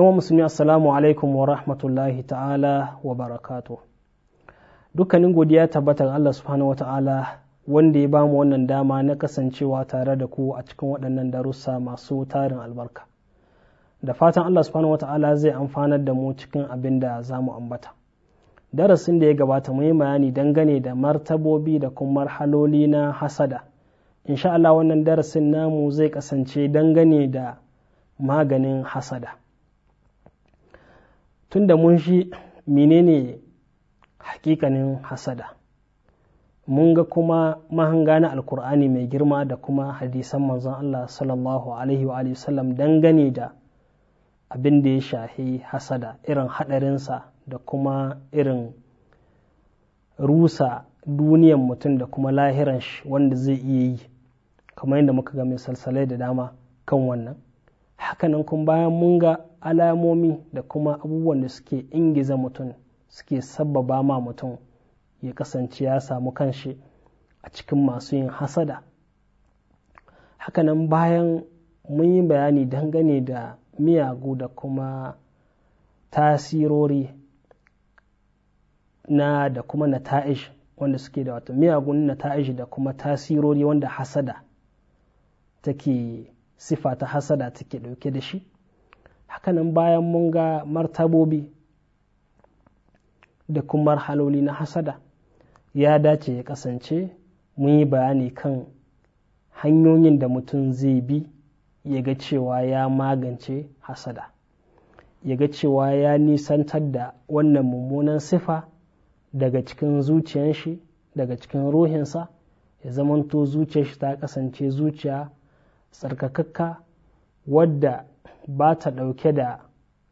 yawan musulmi assalamu alaikum wa rahmatullahi ta'ala wa barakatu dukkanin godiya tabbatar Allah subhanahu wa ta'ala wanda ya bamu wannan dama na kasancewa tare da ku a cikin waɗannan darussa masu tarin albarka da fatan Allah subhanahu wa ta'ala zai amfanar da mu cikin abin da za mu ambata darasin da ya gabata mu yi bayani dangane da martabobi da kuma marhaloli na hasada insha Allah wannan darasin namu zai kasance dangane da maganin hasada tun da mun shi menene hakikanin hasada mun ga kuma mahanga na alkur'ani mai girma da kuma hadisan manzon Allah sallallahu alaihi wa sallam dangane da abin da ya shahi hasada irin haɗarinsa da kuma irin rusa duniyan mutum da kuma lahiran shi wanda zai iya yi kamar yadda muka ga misalsalai da dama kan wannan hakanan kun bayan mun ga alamomi da kuma abubuwan da suke ingiza mutum suke sabbaba ma mutum ya kasance ya samu kanshi a cikin masu yin hasada hakanan bayan mun yi bayani dangane da miyagu da kuma tasirori na da kuma nata'ish wanda suke da wato miyagun nata'ish da kuma tasirori wanda hasada take sifa ta hasada take ɗauke da shi hakanan bayan mun ga martabobi da kuma marhaloli na hasada ya dace ya kasance mun yi bayani kan hanyoyin da mutum zai bi ya ga cewa ya magance hasada ya ga cewa ya nisantar da wannan mummunan sifa daga cikin zuciyanshi daga cikin ruhinsa ya zamanto zuciyarshi ta kasance zuciya tsarkakakka wadda ba ta ɗauke da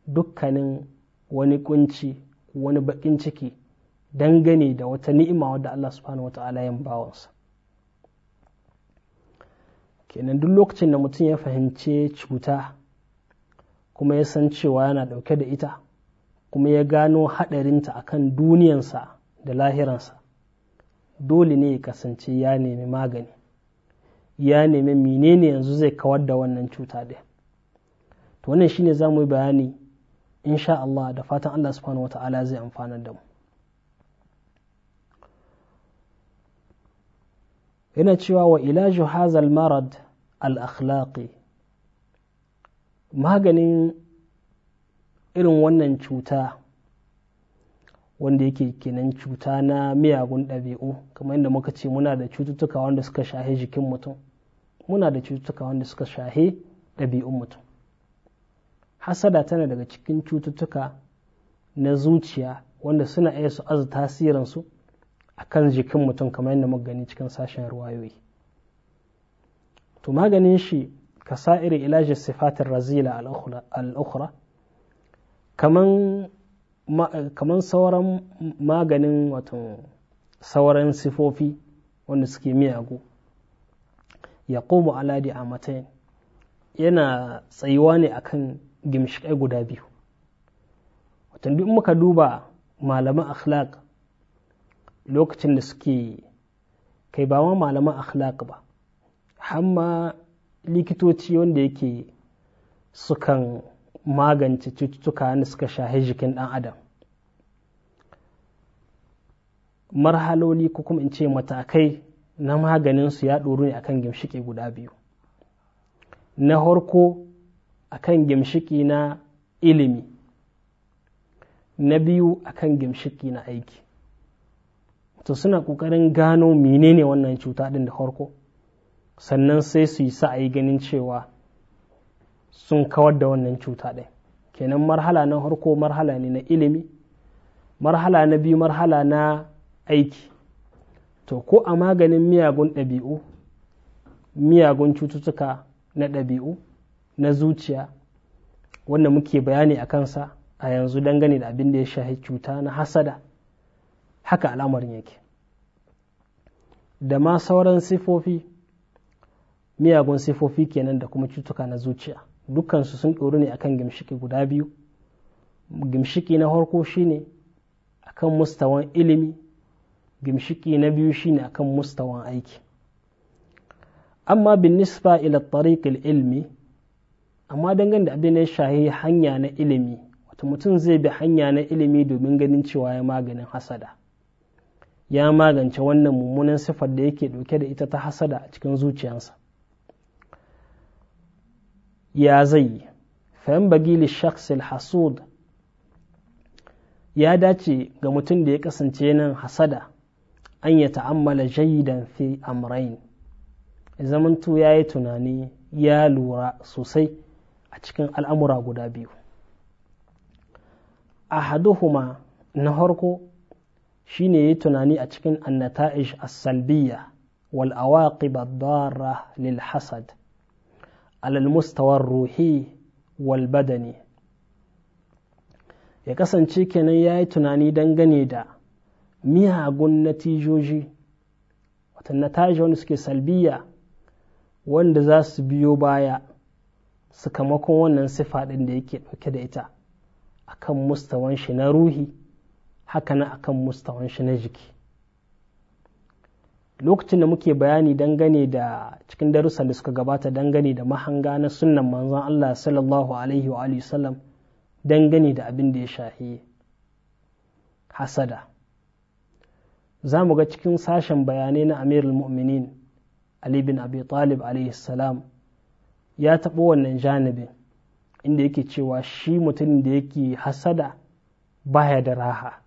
dukkanin wani kunci wani baƙin ciki dangane da wata ni'ima wadda Allah subhanahu wa ta'ala yin bawansa kenan duk lokacin da mutum ya fahimce cuta kuma ya san cewa yana ɗauke da ita kuma ya gano haɗarinta a kan duniyansa da lahiransa dole ne ya kasance ya nemi magani ya nemi menene yanzu zai kawar da wannan cuta ɗin to wannan shine za mu yi bayani insha Allah da fatan Allah subhanahu wa ta'ala zai amfana da mu yana cewa wa ilaju hazal marad al-akhlaqi maganin irin wannan cuta wanda yake kenan cuta na miyagun ɗabi'u kamar yadda muka ce muna da cututtuka wanda suka shahe jikin mutum muna da cututtuka wanda suka shahe ɗabi'un mutum hasada tana daga cikin cututtuka na zuciya wanda suna iya su azu tasirinsu a kan jikin mutum kamar yadda muka gani cikin sashen ruwayoyi to maganin shi ka sa'iri ilaji sifatin razila al'ukura kamar sauran maganin wato sauran sifofi wanda suke miyagu ya komo aladi a matayin yana tsayuwa ne a kan gimshikai guda biyu watan duk muka duba malaman akhlaq lokacin da suke kai ba ma malaman akhlaq ba hamma likitoci wanda yake sukan magance cututtuka wanda suka shahi jikin ɗan adam marhaloli ko kuma in ce matakai na maganin su ya ɗoru ne akan gimshiƙi guda biyu na harko akan gimshiƙi na ilimi na biyu akan gimshiƙi na aiki to suna ƙoƙarin gano menene wannan cuta ɗin da harko sannan sai su yi sa'ayi ganin cewa sun kawar da wannan cuta ɗin kenan marhala na harko marhala ne na ilimi marhala na biyu marhala na aiki to ko a maganin miyagun ɗabi'u miyagun cututtuka na ɗabi'u na zuciya wanda muke bayani a kansa a yanzu dangane da abin da ya shahi cuta na hasada haka al'amarin yake da ma sauran sifofi miyagun sifofi kenan da kuma cutuka na zuciya dukansu sun ɗoru ne akan gimshiki guda biyu gimshiki na farko shine akan mustawan ilimi gimshiki na biyu shine akan mustawan aiki amma bin nisba ila tariqil ilmi amma dangane da abin da ya shahi hanya na ilimi wato mutum zai bi hanya na ilimi domin ganin cewa ya maganin hasada ya magance wannan mummunan sifar da yake dauke da ita ta hasada a cikin zuciyarsa ya zai yi fayan bagili shaksil hasud ya dace ga mutum da ya kasance nan hasada an ya ta'ammala jayidan fi amrain zamantu ya yi tunani ya lura sosai a cikin al'amura guda biyu ahaduhuma na harko shine ya yi tunani a cikin annata'ish as-salbiyya wal awaqib ad-darra lil hasad ala al-mustawa ruhi wal badani ya kasance kenan ya yi tunani dangane da miyagun natijoji wata nataji wanda suke salbiya wanda za su biyo baya sakamakon wannan sifa ɗin da yake ɗauke da ita akan mustawan shi na ruhi haka na akan mustawan shi na jiki lokacin da muke bayani dangane da cikin darussan da suka gabata dangane da mahanga na sunnan manzon Allah sallallahu alaihi wa sallam dangane da abin da ya shahi hasada za mu ga cikin sashen bayanai na amirul mu'minin ali bin abi talib salam ya taɓa wannan janibin inda yake cewa shi mutum da yake hasada baya da raha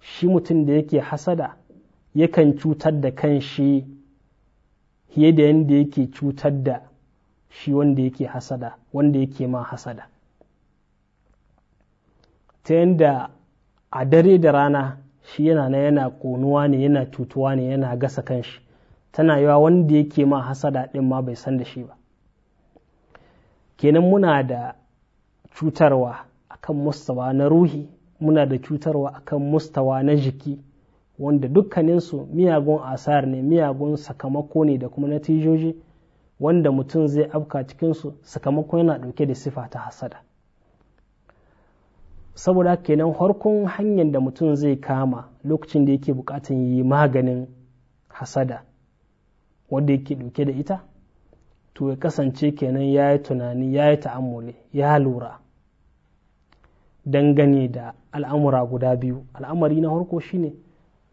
shi mutum da yake hasada yakan cutar da kan shi fiye da yadda yake cutar da shi wanda yake hasada wanda yake ma hasada ta yadda a dare da rana shi yana na yana konuwa ne yana cutuwa ne yana gasa kanshi tana yawa wanda yake ma hasada ɗin ma bai san da shi ba kenan muna da cutarwa akan mustawa na ruhi muna da cutarwa akan mustawa na jiki wanda dukkaninsu miyagun asar ne miyagun sakamako ne da kuma natijoji wanda mutum zai afka cikinsu sakamako yana ɗauke da sifa ta hasada saboda kenan harkon hanyar da mutum zai kama lokacin da yake bukatan yi maganin hasada wanda yake ɗauke da ita to ya kasance kenan ya yi tunani ya yi ta'amuli ya lura dangane da al'amura guda biyu al'amari na harko shine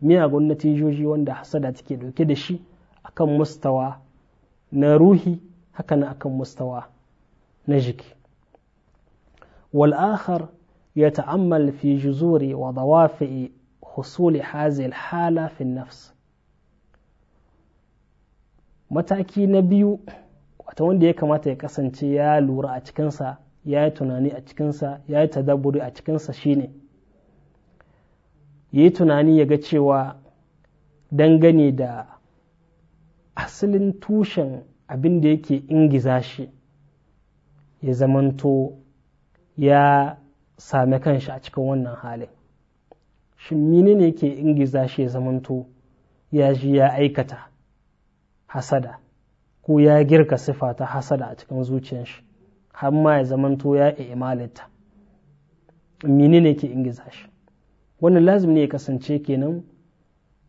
miyagun natijoji wanda hasada take ɗauke da shi akan mustawa na ruhi haka akan mustawa na jiki wal'akhar يتأمل في جذور وضوافع حصول هذه الحالة في النفس mataki na biyu wata wanda ya kamata ya kasance ya lura a cikinsa ya yi tunani a cikinsa ya yi tadabburi a cikinsa shine ya yi tunani ya ga cewa dangane da asalin tushen abin da yake ingiza shi ya zamanto ya same kanshi a cikin wannan halin shin mini ne ke ingiza shi ya zamanto ya ji ya aikata hasada ko ya girka sifa ta hasada a cikin zuciyar shi har ma ya zamanto ya imalinta mini ne ke ingiza shi wannan lazim ne ya kasance kenan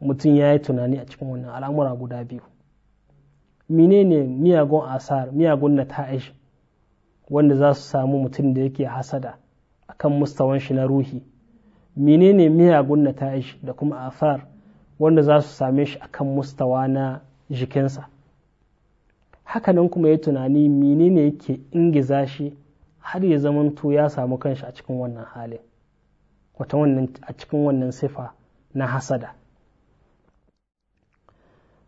mutum ya yi tunani a cikin wannan al'amura guda biyu mine ne miyagun asar miyagun na ta'ish wanda za su samu mutum da yake hasada akan mustawan shi na ruhi menene miyagun na da kuma afar wanda za su same shi akan mustawa na jikinsa hakanan kuma ya tunani menene yake ingiza shi har ya zamanto ya samu kanshi a cikin wannan halin wata wannan a cikin wannan sifa na hasada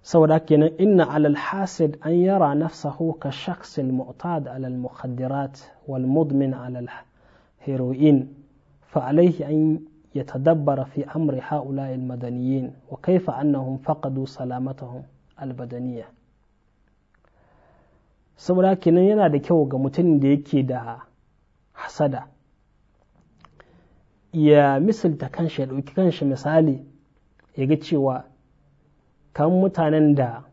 saboda kenan inna alal hasid an yara nafsahu ka shaksin mu'tad alal mukhaddirat wal mudmin alal heroin فعليه أن يتدبر في أمر هؤلاء المدنيين وكيف أنهم فقدوا سلامتهم البدنية saboda kenan yana da kyau ga mutumin da yake da hasada ya misalta kanshi ya ɗauki kanshi misali ya ga cewa kan mutanen da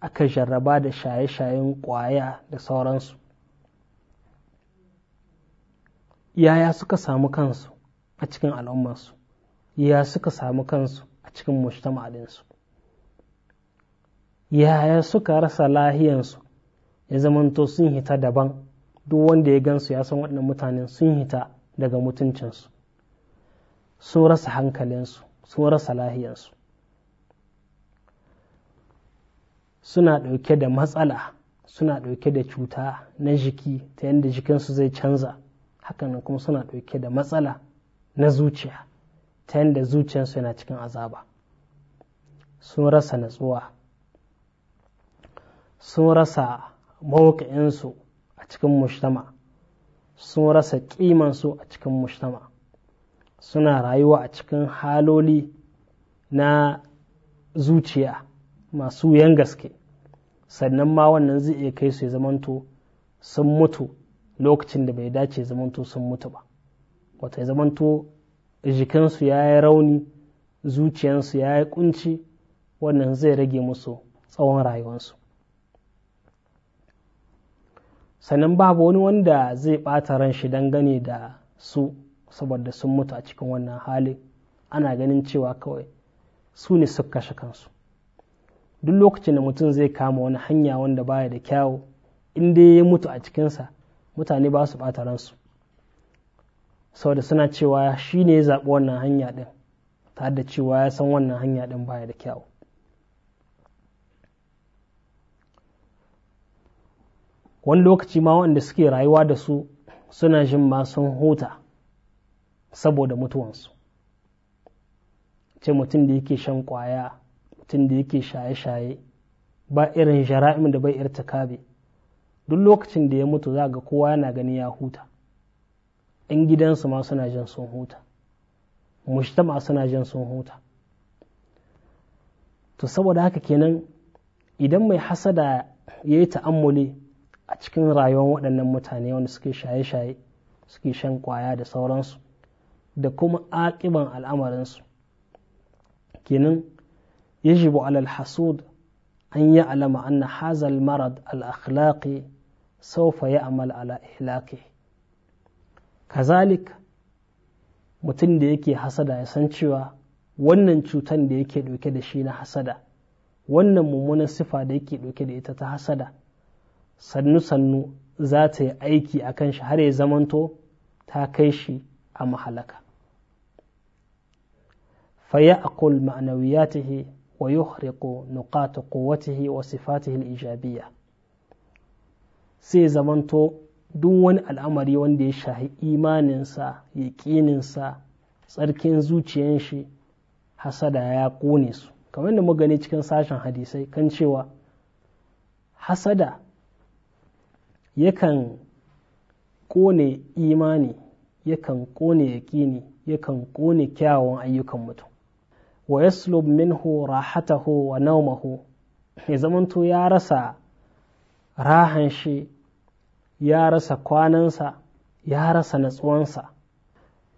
aka jarraba da shaye-shayen ƙwaya da sauransu yaya suka samu kansu a cikin al'ummarsu ya suka samu kansu a cikin su? yaya suka rasa lahiyansu ya zamanto sun hita daban duk wanda ya gansu ya san waɗannan mutanen sun hita daga mutuncinsu sun rasa hankalinsu sun rasa lahiyansu suna ɗauke da matsala suna ɗauke da cuta na jiki ta yadda jikinsu zai canza hakanan kuma suna ɗauke da matsala na zuciya ta yadda zuciyarsu yana cikin azaba sun rasa natsuwa sun rasa mawuƙa'insu a cikin mushtama sun rasa ƙimansu a cikin mushtama suna rayuwa a cikin haloli na zuciya masu yan gaske sannan ma wannan zai iya kai su ya zamanto sun mutu lokacin da bai dace zamanto sun mutu ba wata zamanto jikinsu ya yi rauni zuciyansu ya yi kunci wannan zai rage musu tsawon rayuwarsu sannan babu wani wanda zai ɓata ran shi dangane da su saboda sun mutu a cikin wannan hali, ana ganin cewa kawai su ne suka kashe kansu duk lokacin da mutum zai kama wani hanya wanda baya da kyawu inda ya mutu a cikinsa mutane ba su ɓata ransu saboda suna cewa shi ne ya zaɓi wannan hanya ɗin tare da cewa ya san wannan hanya ɗin baya da kyau wani lokaci ma waɗanda suke rayuwa da su suna jin ma sun huta saboda mutuwansu ce mutum da yake shan kwaya mutum da yake shaye-shaye ba irin jara'im da bai kabe duk lokacin da ya mutu za ga kowa yana gani ya huta in gidansu ma suna jin sun huta mushtama suna jin sun huta to saboda haka kenan idan mai hasada ya yi ta'ammuli a cikin rayuwar waɗannan mutane wanda suke shaye-shaye suke shan ƙwaya da sauransu da kuma aƙiban al'amarinsu kenan yajibu alal hasud an yi alama anna hazal marad al-akhlaqi سوف يعمل على إهلاكه كذلك mutum da yake hasada ya san cewa wannan cutan da yake ɗauke da shi na hasada wannan mummunan sifa da yake ɗauke da ita ta hasada sannu-sannu za ta yi aiki a kan shi har ya zamanto ta kai shi a mahalaka faya akul ma'anawiyatihi wa yuhriqu nuqata quwwatihi wa sifatihi al-ijabiyya sai zamanto duk wani al'amari wanda ya shahi imaninsa yaƙininsa tsarkin zuciyan shi hasada ya ƙone su kamar da magani cikin sashen hadisai kan cewa hasada yakan ƙone imani yakan ƙone yaƙini yakan ƙone kyawun ayyukan mutum wa yaslub minhu rahatahu wa naumahu ya zamanto ya rasa rahan shi ya rasa kwanansa ya rasa natsuwansa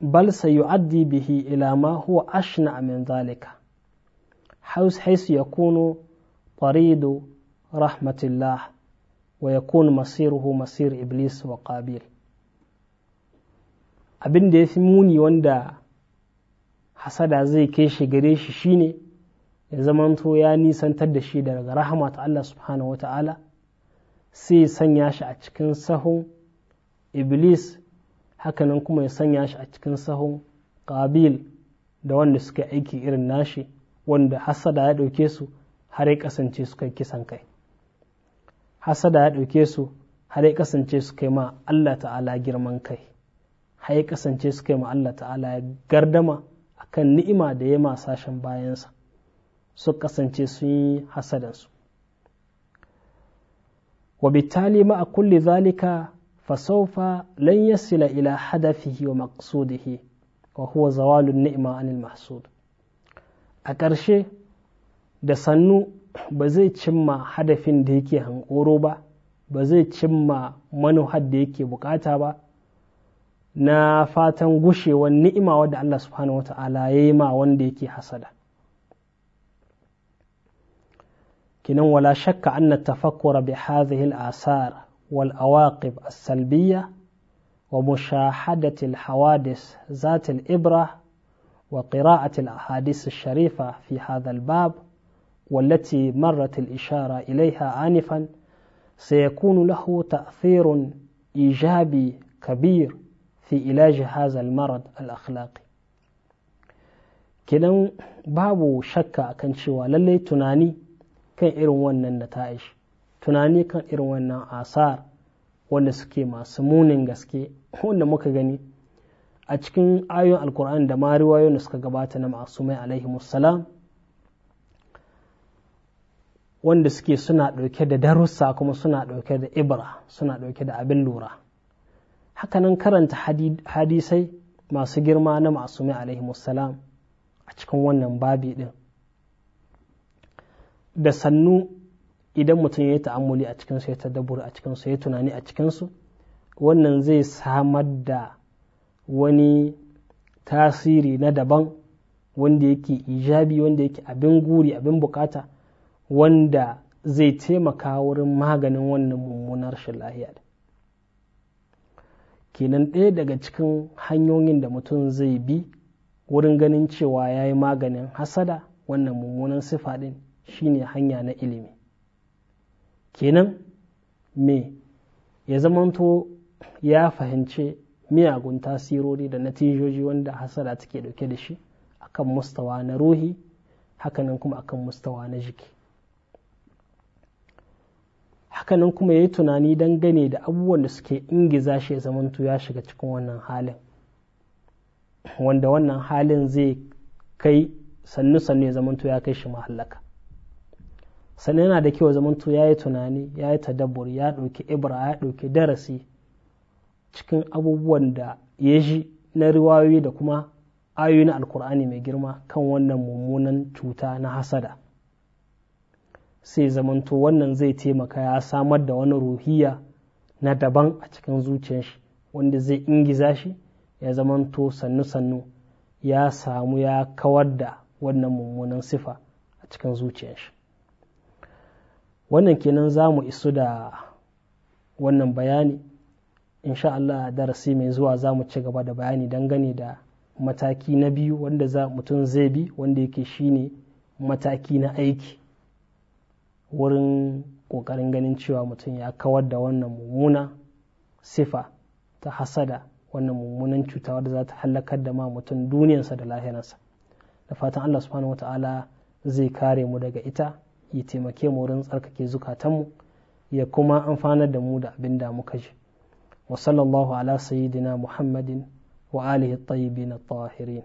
bal sayu'addi bihi ila ma huwa ashna min zalika haisu yakunu taridu rahmatillah wa yakun masiruhu masir iblis wa qabil abin da ya fi muni wanda hasada zai kai shi gare shi shine ya zamanto ya nisantar da shi daga rahama ta Allah subhanahu wa ta'ala sai sanya shi a cikin sahun iblis hakanan kuma ya sanya shi a cikin sahun ƙabil da wanda suka aiki irin nashi wanda hasada ya ɗauke su har ya kasance suka kisan kai hasada ya ɗauke su har ya kasance suka yi ma Allah ta'ala girman kai har ya kasance suka yi ma Allah ta'ala ya gardama akan ni'ima da ya masashen sashen bayansa su kasance sun yi hasadansu وبالتالي مع كل ذلك فسوف لن يصل إلى هدفه ومقصوده وهو زوال النعمة عن المحسود ƙarshe da sannu ba zai cimma hadafin da yake hankoro ba ba zai cimma manuhar da yake bukata ba na fatan gushewar ni'ima wadda Allah subhanahu wa ta'ala ya yi ma wanda yake hasada كنن ولا شك أن التفكر بهذه الآثار والعواقب السلبية ومشاهدة الحوادث ذات الإبرة وقراءة الأحاديث الشريفة في هذا الباب والتي مرت الإشارة إليها آنفا سيكون له تأثير إيجابي كبير في علاج هذا المرض الأخلاقي كنن بابو شكا كنشوا للي تناني kan irin wannan da ta ishi tunani kan irin wannan asar wanda suke masu munin gaske wanda muka gani a cikin ayoyin alkur'ani da ma da suka gabata na masu mai alaihi musallam wanda suke suna ɗauke da darussa kuma suna ɗauke da ibra suna ɗauke da abin lura hakanan karanta hadisai masu girma na masu mai alaihi a cikin wannan babi ɗin da sannu idan mutum ya yi ta'amuli a cikinsu ya tadabur a cikinsu ya tunani a cikinsu wannan zai samar da wani tasiri na daban wanda yake ijabi wanda yake abin guri abin bukata wanda zai taimaka wurin maganin wannan mummunar shi lahiya kenan ɗaya daga cikin hanyoyin da mutum zai bi wurin ganin cewa ya yi maganin hasada wannan mummunan sifa ɗin shine hanya na ilimi kenan me ya zamanto ya fahimci miyagun tasirori da natijoji wanda hasada take dauke da shi akan mustawa na ruhi hakanan kuma akan mustawa na jiki hakanan kuma ya yi tunani dangane da abubuwan da suke ingiza shi ya zamanto ya shiga cikin wannan halin wanda wannan halin zai kai sannu-sannu ya zamanto ya kai shi mahallaka sannan yana da kyau zamanto ya yi tunani ya yi tadabbur ya ɗauki ibra ya ɗauki darasi cikin abubuwan da ya ji na riwayoyi da kuma ayoyi na alkur'ani mai girma kan wannan mummunan cuta na hasada sai zamanto wannan zai taimaka ya samar da wani ruhiya na daban a cikin zuciyar shi wanda zai ingiza shi ya zamanto sannu-sannu ya samu ya kawar da wannan mummunan sifa a cikin zuciyar shi wannan kenan za mu isu da wannan bayani insha Allah darasi mai zuwa za mu ci gaba da bayani dangane da mataki na biyu wanda za mutum zai bi wanda yake shine mataki na aiki wurin ƙoƙarin ganin cewa mutum ya kawar da wannan mummuna sifa ta hasada wannan mummunan cuta wadda za ta hallakar da ma mutum duniyarsa da lahiransa da fatan Allah subhanahu ta'ala zai kare mu daga ita ya taimake mu wurin tsarkake zukatanmu ya kuma amfanar da mu da abin da muka ji wa sallallahu ala sayyidina muhammadin wa alihi tayyibin tahirin